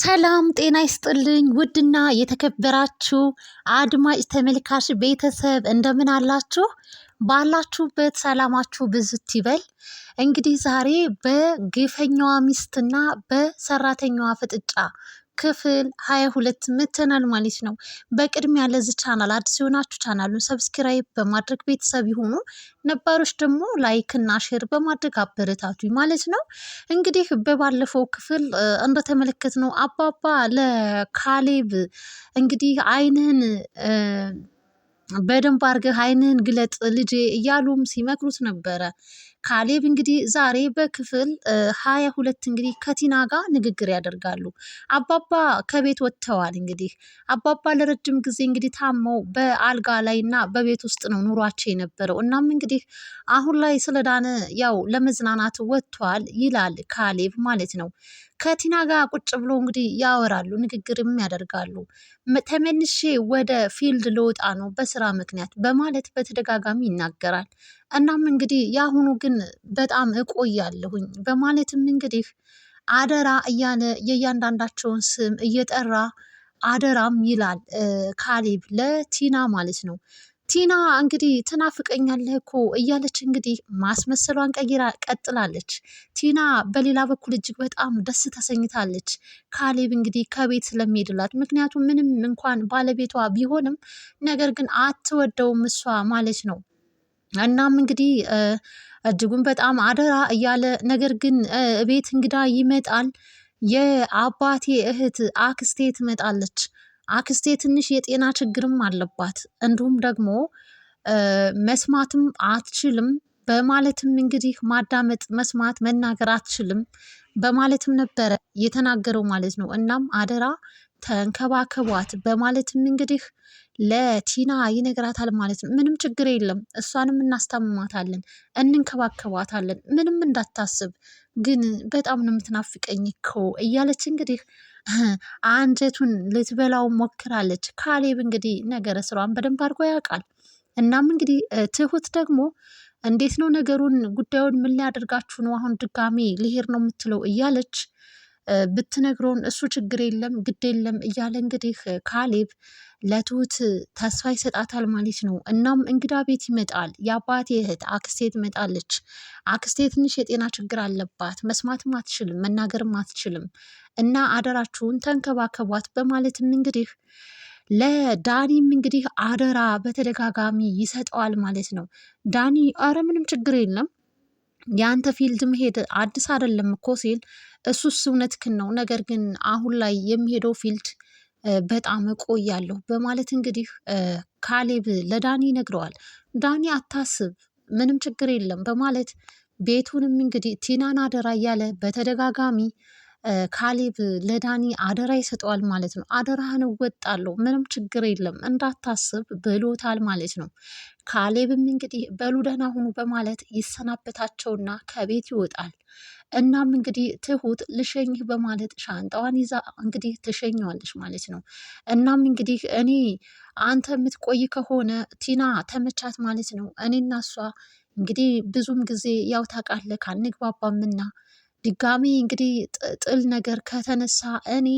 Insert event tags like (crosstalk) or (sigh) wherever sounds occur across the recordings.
ሰላም ጤና ይስጥልኝ። ውድና የተከበራችሁ አድማጭ ተመልካች ቤተሰብ እንደምን አላችሁ? ባላችሁበት ሰላማችሁ ብዝት ይበል። እንግዲህ ዛሬ በግፈኛዋ ሚስትና በሰራተኛዋ ፍጥጫ ክፍል ሀያ ሁለት መተናል ማለት ነው። በቅድሚያ ለዚህ ቻናል አዲስ የሆናችሁ ቻናሉን ሰብስክራይብ በማድረግ ቤተሰብ የሆኑ ነባሮች ደግሞ ላይክ እና ሼር በማድረግ አበረታቱ ማለት ነው። እንግዲህ በባለፈው ክፍል እንደተመለከት ነው አባባ ለካሌብ እንግዲህ አይንህን በደንብ አድርገህ ዓይንህን ግለጥ ልጄ እያሉም ሲመክሩት ነበረ። ካሌብ እንግዲህ ዛሬ በክፍል ሀያ ሁለት እንግዲህ ከቲና ጋር ንግግር ያደርጋሉ። አባባ ከቤት ወጥተዋል። እንግዲህ አባባ ለረጅም ጊዜ እንግዲህ ታመው በአልጋ ላይ እና በቤት ውስጥ ነው ኑሯቸው የነበረው። እናም እንግዲህ አሁን ላይ ስለዳነ ያው ለመዝናናት ወጥቷል ይላል ካሌብ ማለት ነው። ከቲና ጋር ቁጭ ብሎ እንግዲህ ያወራሉ፣ ንግግርም ያደርጋሉ። ተመልሼ ወደ ፊልድ ልወጣ ነው በስራ ምክንያት በማለት በተደጋጋሚ ይናገራል። እናም እንግዲህ የአሁኑ ግን በጣም እቆያለሁኝ በማለትም እንግዲህ አደራ እያለ የእያንዳንዳቸውን ስም እየጠራ አደራም ይላል ካሌብ ለቲና ማለት ነው። ቲና እንግዲህ ትናፍቀኛለህ እኮ እያለች እንግዲህ ማስመሰሏን ቀይራ ቀጥላለች። ቲና በሌላ በኩል እጅግ በጣም ደስ ተሰኝታለች። ካሌብ እንግዲህ ከቤት ስለሚሄድላት ምክንያቱም ምንም እንኳን ባለቤቷ ቢሆንም ነገር ግን አትወደውም እሷ ማለት ነው። እናም እንግዲህ እጅጉን በጣም አደራ እያለ ነገር ግን ቤት እንግዳ ይመጣል። የአባቴ እህት አክስቴ ትመጣለች አክስቴ ትንሽ የጤና ችግርም አለባት፣ እንዲሁም ደግሞ መስማትም አትችልም በማለትም እንግዲህ ማዳመጥ፣ መስማት፣ መናገር አትችልም በማለትም ነበረ የተናገረው ማለት ነው። እናም አደራ ተንከባከቧት በማለትም እንግዲህ ለቲና ይነግራታል ማለት ነው። ምንም ችግር የለም እሷንም እናስታምማታለን፣ እንንከባከቧታለን፣ ምንም እንዳታስብ ግን በጣም ነው የምትናፍቀኝ እኮ እያለች እንግዲህ አንጀቱን ልትበላው ሞክራለች። ካሌብ እንግዲህ ነገረ ስሯን በደንብ አድርጎ ያውቃል። እናም እንግዲህ ትሁት ደግሞ እንዴት ነው ነገሩን ጉዳዩን ምን ሊያደርጋችሁ ነው አሁን ድጋሚ ሊሄድ ነው የምትለው እያለች ብትነግረውን እሱ ችግር የለም ግድ የለም እያለ እንግዲህ ካሌብ ለትሁት ተስፋ ይሰጣታል ማለት ነው። እናም እንግዳ ቤት ይመጣል። የአባቴ እህት አክስቴ ትመጣለች። አክስቴ ትንሽ የጤና ችግር አለባት፣ መስማትም አትችልም፣ መናገርም አትችልም እና አደራችሁን ተንከባከቧት በማለትም እንግዲህ ለዳኒም እንግዲህ አደራ በተደጋጋሚ ይሰጠዋል ማለት ነው። ዳኒ አረ ምንም ችግር የለም የአንተ ፊልድ መሄድ አዲስ አይደለም እኮ ሲል እሱስ እውነትህን ነው፣ ነገር ግን አሁን ላይ የሚሄደው ፊልድ በጣም እቆያለሁ በማለት እንግዲህ ካሌብ ለዳኒ ይነግረዋል። ዳኒ አታስብ፣ ምንም ችግር የለም በማለት ቤቱንም እንግዲህ ቲናን አደራ እያለ በተደጋጋሚ ካሌብ ለዳኒ አደራ ይሰጠዋል ማለት ነው። አደራህን እወጣለሁ፣ ምንም ችግር የለም እንዳታስብ ብሎታል ማለት ነው። ካሌብም እንግዲህ በሉ ደህና ሁኑ በማለት ይሰናበታቸውና ከቤት ይወጣል። እናም እንግዲህ ትሁት ልሸኝህ በማለት ሻንጣዋን ይዛ እንግዲህ ትሸኘዋለች ማለት ነው። እናም እንግዲህ እኔ አንተ የምትቆይ ከሆነ ቲና ተመቻት ማለት ነው። እኔና እሷ እንግዲህ ብዙም ጊዜ ያው ታውቃለህ አንግባባምና ድጋሚ እንግዲህ ጥል ነገር ከተነሳ እኔ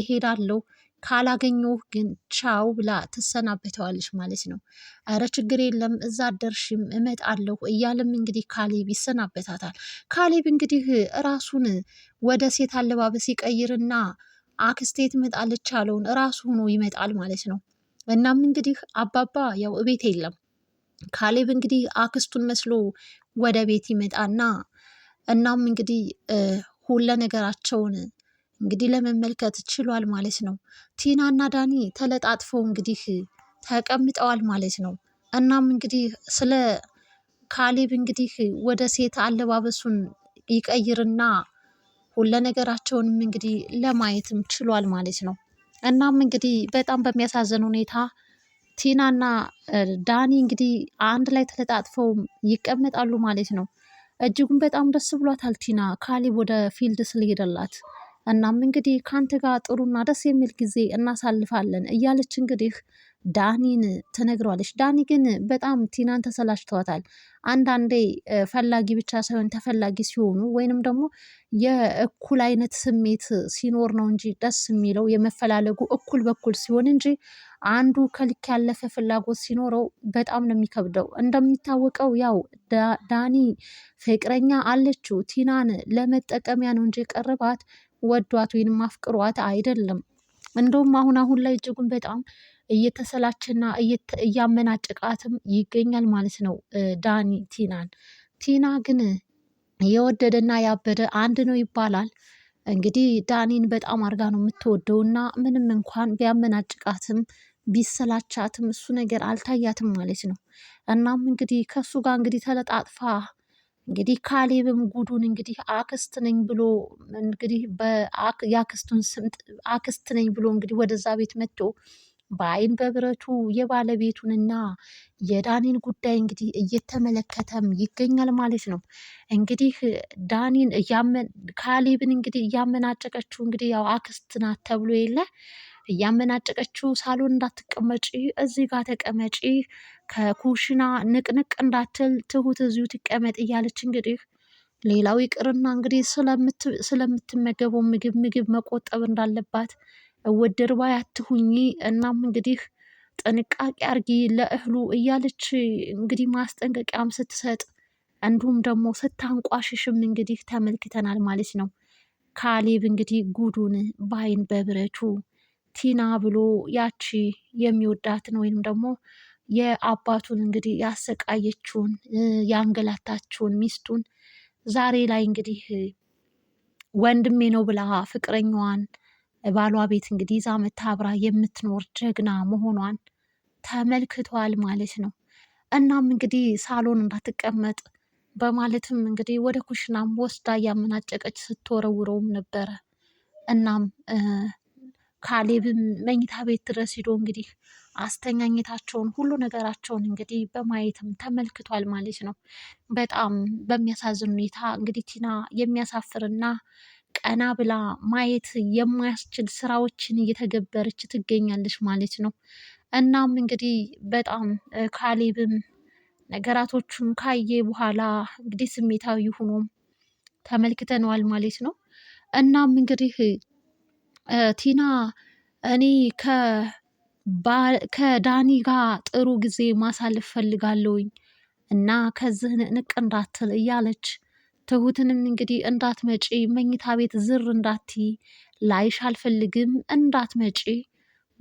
እሄዳለሁ ካላገኘሁ ግን ቻው ብላ ትሰናበተዋለች ማለት ነው። እረ ችግር የለም እዛ አደርሽም እመጣለሁ እያለም እንግዲህ ካሌብ ይሰናበታታል። ካሌብ እንግዲህ እራሱን ወደ ሴት አለባበስ ይቀይርና አክስቴ ትመጣለች ያለውን ራሱ ሆኖ ይመጣል ማለት ነው። እናም እንግዲህ አባባ ያው እቤት የለም። ካሌብ እንግዲህ አክስቱን መስሎ ወደ ቤት ይመጣና እናም እንግዲህ ሁለ ነገራቸውን እንግዲህ ለመመልከት ችሏል ማለት ነው። ቲና እና ዳኒ ተለጣጥፈው እንግዲህ ተቀምጠዋል ማለት ነው። እናም እንግዲህ ስለ ካሌብ እንግዲህ ወደ ሴት አለባበሱን ይቀይርና ሁለ ነገራቸውንም እንግዲህ ለማየትም ችሏል ማለት ነው። እናም እንግዲህ በጣም በሚያሳዝን ሁኔታ ቲና እና ዳኒ እንግዲህ አንድ ላይ ተለጣጥፈው ይቀመጣሉ ማለት ነው። እጅጉን በጣም ደስ ብሏታል ቲና ካሊብ ወደ ፊልድ ስለሄደላት። እናም እንግዲህ ከአንተ ጋር ጥሩና ደስ የሚል ጊዜ እናሳልፋለን እያለች እንግዲህ ዳኒን ትነግረዋለች። ዳኒ ግን በጣም ቲናን ተሰላችተዋታል። አንዳንዴ ፈላጊ ብቻ ሳይሆን ተፈላጊ ሲሆኑ ወይንም ደግሞ የእኩል አይነት ስሜት ሲኖር ነው እንጂ ደስ የሚለው የመፈላለጉ እኩል በኩል ሲሆን እንጂ አንዱ ከልክ ያለፈ ፍላጎት ሲኖረው በጣም ነው የሚከብደው። እንደሚታወቀው ያው ዳኒ ፍቅረኛ አለችው። ቲናን ለመጠቀሚያ ነው እንጂ ቀረባት ወዷት ወይንም አፍቅሯት አይደለም። እንደውም አሁን አሁን ላይ እጅጉን በጣም እየተሰላችና እያመናጨቃትም ይገኛል ማለት ነው ዳኒ ቲናን። ቲና ግን የወደደና ያበደ አንድ ነው ይባላል። እንግዲህ ዳኒን በጣም አድርጋ ነው የምትወደው እና ምንም እንኳን ቢያመናጭቃትም ቢሰላቻትም እሱ ነገር አልታያትም ማለት ነው። እናም እንግዲህ ከእሱ ጋር እንግዲህ ተለጣጥፋ እንግዲህ ካሌብም ጉዱን እንግዲህ አክስት ነኝ ብሎ እንግዲህ የአክስቱን ስምጥ አክስት ነኝ ብሎ እንግዲህ ወደዛ ቤት መጥቶ በአይን በብረቱ የባለቤቱንና የዳኒን ጉዳይ እንግዲህ እየተመለከተም ይገኛል ማለት ነው። እንግዲህ ዳኒን ካሌብን እንግዲህ እያመናጨቀችው እንግዲህ ያው አክስት ናት ተብሎ የለ እያመናጨቀችው ሳሎን እንዳትቀመጪ እዚህ ጋር ተቀመጪ፣ ከኩሽና ንቅንቅ እንዳትል ትሁት እዚሁ ትቀመጥ እያለች እንግዲህ ሌላው ይቅርና እንግዲህ ስለምትመገበው ምግብ ምግብ መቆጠብ እንዳለባት ወደር ባይ አትሁኚ። እናም እንግዲህ ጥንቃቄ አርጊ ለእህሉ እያለች እንግዲህ ማስጠንቀቂያም ስትሰጥ እንዲሁም ደግሞ ስታንቋሽሽም እንግዲህ ተመልክተናል ማለት ነው። ካሌብ እንግዲህ ጉዱን ባይን በብረቱ ቲና ብሎ ያቺ የሚወዳትን ወይም ደግሞ የአባቱን እንግዲህ ያሰቃየችውን ያንገላታችውን ሚስቱን ዛሬ ላይ እንግዲህ ወንድሜ ነው ብላ ፍቅረኛዋን ባሏ ቤት እንግዲህ ይዛ መታብራ አብራ የምትኖር ጀግና መሆኗን ተመልክቷል ማለት ነው። እናም እንግዲህ ሳሎን እንዳትቀመጥ በማለትም እንግዲህ ወደ ኩሽናም ወስዳ እያመናጨቀች ስትወረውረውም ነበረ። እናም ካሌብም መኝታ ቤት ድረስ ሂዶ እንግዲህ አስተኛኝታቸውን ሁሉ ነገራቸውን እንግዲህ በማየትም ተመልክቷል ማለት ነው። በጣም በሚያሳዝን ሁኔታ እንግዲህ ቲና የሚያሳፍርና ቀና ብላ ማየት የማያስችል ስራዎችን እየተገበረች ትገኛለች ማለት ነው። እናም እንግዲህ በጣም ካሌብም ነገራቶቹን ካየ በኋላ እንግዲህ ስሜታዊ ሆኖም ተመልክተነዋል ማለት ነው። እናም እንግዲህ ቲና እኔ ከዳኒ ጋር ጥሩ ጊዜ ማሳለፍ ፈልጋለሁኝ እና ከዚህ ንቅ እንዳትል እያለች ትሁትንም እንግዲህ እንዳትመጪ መኝታ ቤት ዝር እንዳቲ ላይሽ አልፈልግም እንዳትመጪ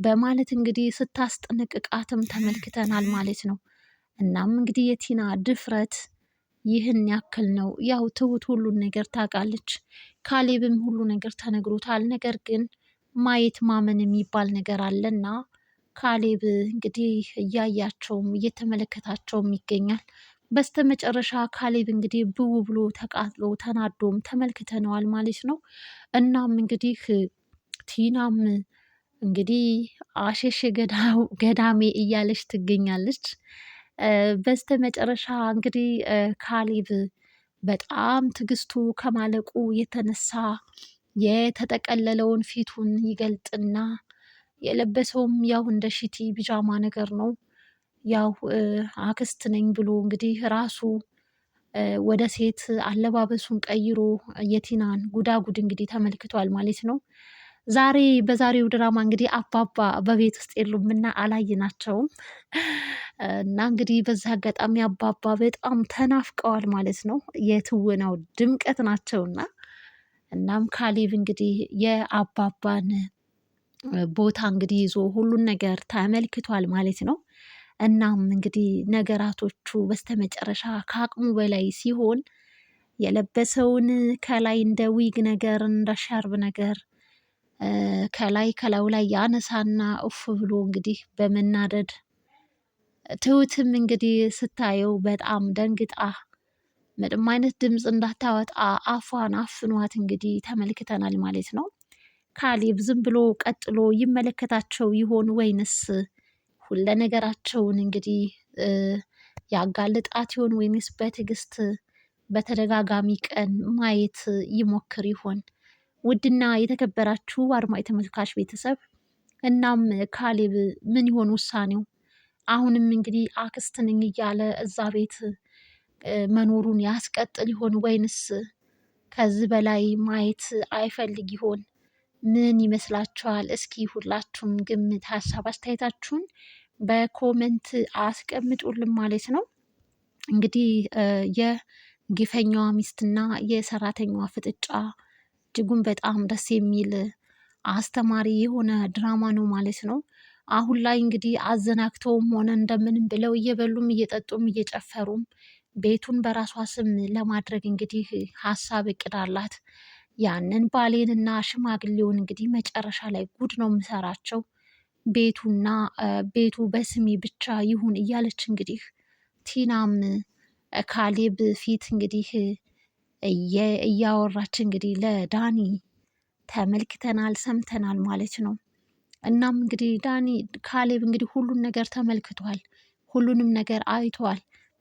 በማለት እንግዲህ ስታስጠነቅቃትም ተመልክተናል ማለት ነው። እናም እንግዲህ የቲና ድፍረት ይህን ያክል ነው። ያው ትሁት ሁሉን ነገር ታውቃለች፣ ካሌብም ሁሉ ነገር ተነግሮታል። ነገር ግን ማየት ማመን የሚባል ነገር አለና ካሌብ እንግዲህ እያያቸውም እየተመለከታቸውም ይገኛል። በስተመጨረሻ ካሌብ እንግዲህ ብው ብሎ ተቃጥሎ ተናዶም ተመልክተነዋል ማለት ነው። እናም እንግዲህ ቲናም እንግዲህ አሸሼ (laughs) ገዳሜ እያለች ትገኛለች። በስተመጨረሻ እንግዲህ ካሌብ በጣም ትዕግስቱ ከማለቁ የተነሳ የተጠቀለለውን ፊቱን ይገልጥና የለበሰውም ያው እንደ ሽቲ ቢጃማ ነገር ነው። ያው አክስት ነኝ ብሎ እንግዲህ ራሱ ወደ ሴት አለባበሱን ቀይሮ የቲናን ጉዳጉድ እንግዲህ ተመልክቷል ማለት ነው። ዛሬ በዛሬው ድራማ እንግዲህ አባባ በቤት ውስጥ የሉምና አላየናቸውም እና እንግዲህ በዚህ አጋጣሚ አባባ በጣም ተናፍቀዋል ማለት ነው። የትወናው ድምቀት ናቸውና እናም ካሌብ እንግዲህ የአባባን ቦታ እንግዲህ ይዞ ሁሉን ነገር ተመልክቷል ማለት ነው። እናም እንግዲህ ነገራቶቹ በስተመጨረሻ ከአቅሙ በላይ ሲሆን የለበሰውን ከላይ እንደ ዊግ ነገር እንደ ሻርብ ነገር ከላይ ከላዩ ላይ ያነሳና እፍ ብሎ እንግዲህ በመናደድ ትሁትም እንግዲህ ስታየው በጣም ደንግጣ ምንም አይነት ድምፅ እንዳታወጣ አፏን አፍኗት እንግዲህ ተመልክተናል ማለት ነው። ካሌብ ዝም ብሎ ቀጥሎ ይመለከታቸው ይሆን ወይንስ በኩል ለነገራቸውን እንግዲህ ያጋልጣት ይሆን ወይንስ በትዕግስት በተደጋጋሚ ቀን ማየት ይሞክር ይሆን? ውድና የተከበራችሁ አድማጭ ተመልካች ቤተሰብ እናም ካሌብ ምን ይሆን ውሳኔው? አሁንም እንግዲህ አክስት ነኝ እያለ እዛ ቤት መኖሩን ያስቀጥል ይሆን ወይንስ ከዚህ በላይ ማየት አይፈልግ ይሆን? ምን ይመስላችኋል? እስኪ ሁላችሁም ግምት፣ ሀሳብ አስተያየታችሁን በኮመንት አስቀምጡልን ማለት ነው። እንግዲህ የግፈኛዋ ሚስትና የሰራተኛዋ ፍጥጫ እጅጉን በጣም ደስ የሚል አስተማሪ የሆነ ድራማ ነው ማለት ነው። አሁን ላይ እንግዲህ አዘናግተውም ሆነ እንደምንም ብለው እየበሉም እየጠጡም እየጨፈሩም ቤቱን በራሷ ስም ለማድረግ እንግዲህ ሀሳብ እቅድ አላት። ያንን ባሌንና ሽማግሌውን እንግዲህ መጨረሻ ላይ ጉድ ነው የምሰራቸው ቤቱና ቤቱ በስሜ ብቻ ይሁን እያለች እንግዲህ ቲናም ካሌብ ፊት እንግዲህ እያወራች እንግዲህ ለዳኒ ተመልክተናል ሰምተናል ማለት ነው። እናም እንግዲህ ዳኒ ካሌብ እንግዲህ ሁሉን ነገር ተመልክቷል፣ ሁሉንም ነገር አይቷል።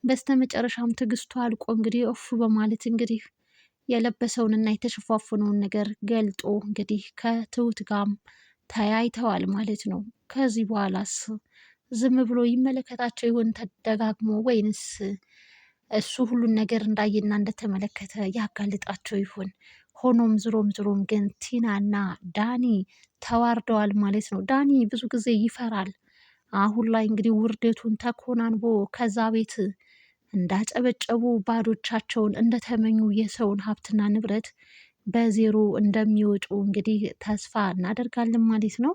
በስተመጨረሻም ትዕግስቱ አልቆ እንግዲህ እፉ በማለት እንግዲህ የለበሰውንና የተሸፋፈነውን ነገር ገልጦ እንግዲህ ከትሁት ጋም ተያይተዋል ማለት ነው። ከዚህ በኋላስ ዝም ብሎ ይመለከታቸው ይሆን ተደጋግሞ ወይንስ እሱ ሁሉን ነገር እንዳየና እንደተመለከተ ያጋልጣቸው ይሆን? ሆኖም ዝሮም ዝሮም ግን ቲናና ዳኒ ተዋርደዋል ማለት ነው። ዳኒ ብዙ ጊዜ ይፈራል። አሁን ላይ እንግዲህ ውርደቱን ተኮናንቦ ከዛ ቤት እንዳጨበጨቡ ባዶቻቸውን እንደተመኙ የሰውን ሀብትና ንብረት በዜሮ እንደሚወጡ እንግዲህ ተስፋ እናደርጋለን ማለት ነው።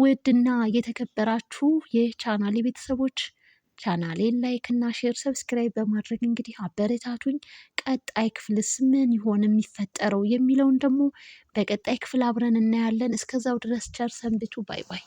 ውድና የተከበራችሁ የቻናሌ ቤተሰቦች ቻናሌን ላይክ እና ሼር ሰብስክራይብ በማድረግ እንግዲህ አበረታቱኝ። ቀጣይ ክፍልስ ምን ይሆን የሚፈጠረው የሚለውን ደግሞ በቀጣይ ክፍል አብረን እናያለን። እስከዛው ድረስ ቸር ሰንብቱ። ባይ ባይ።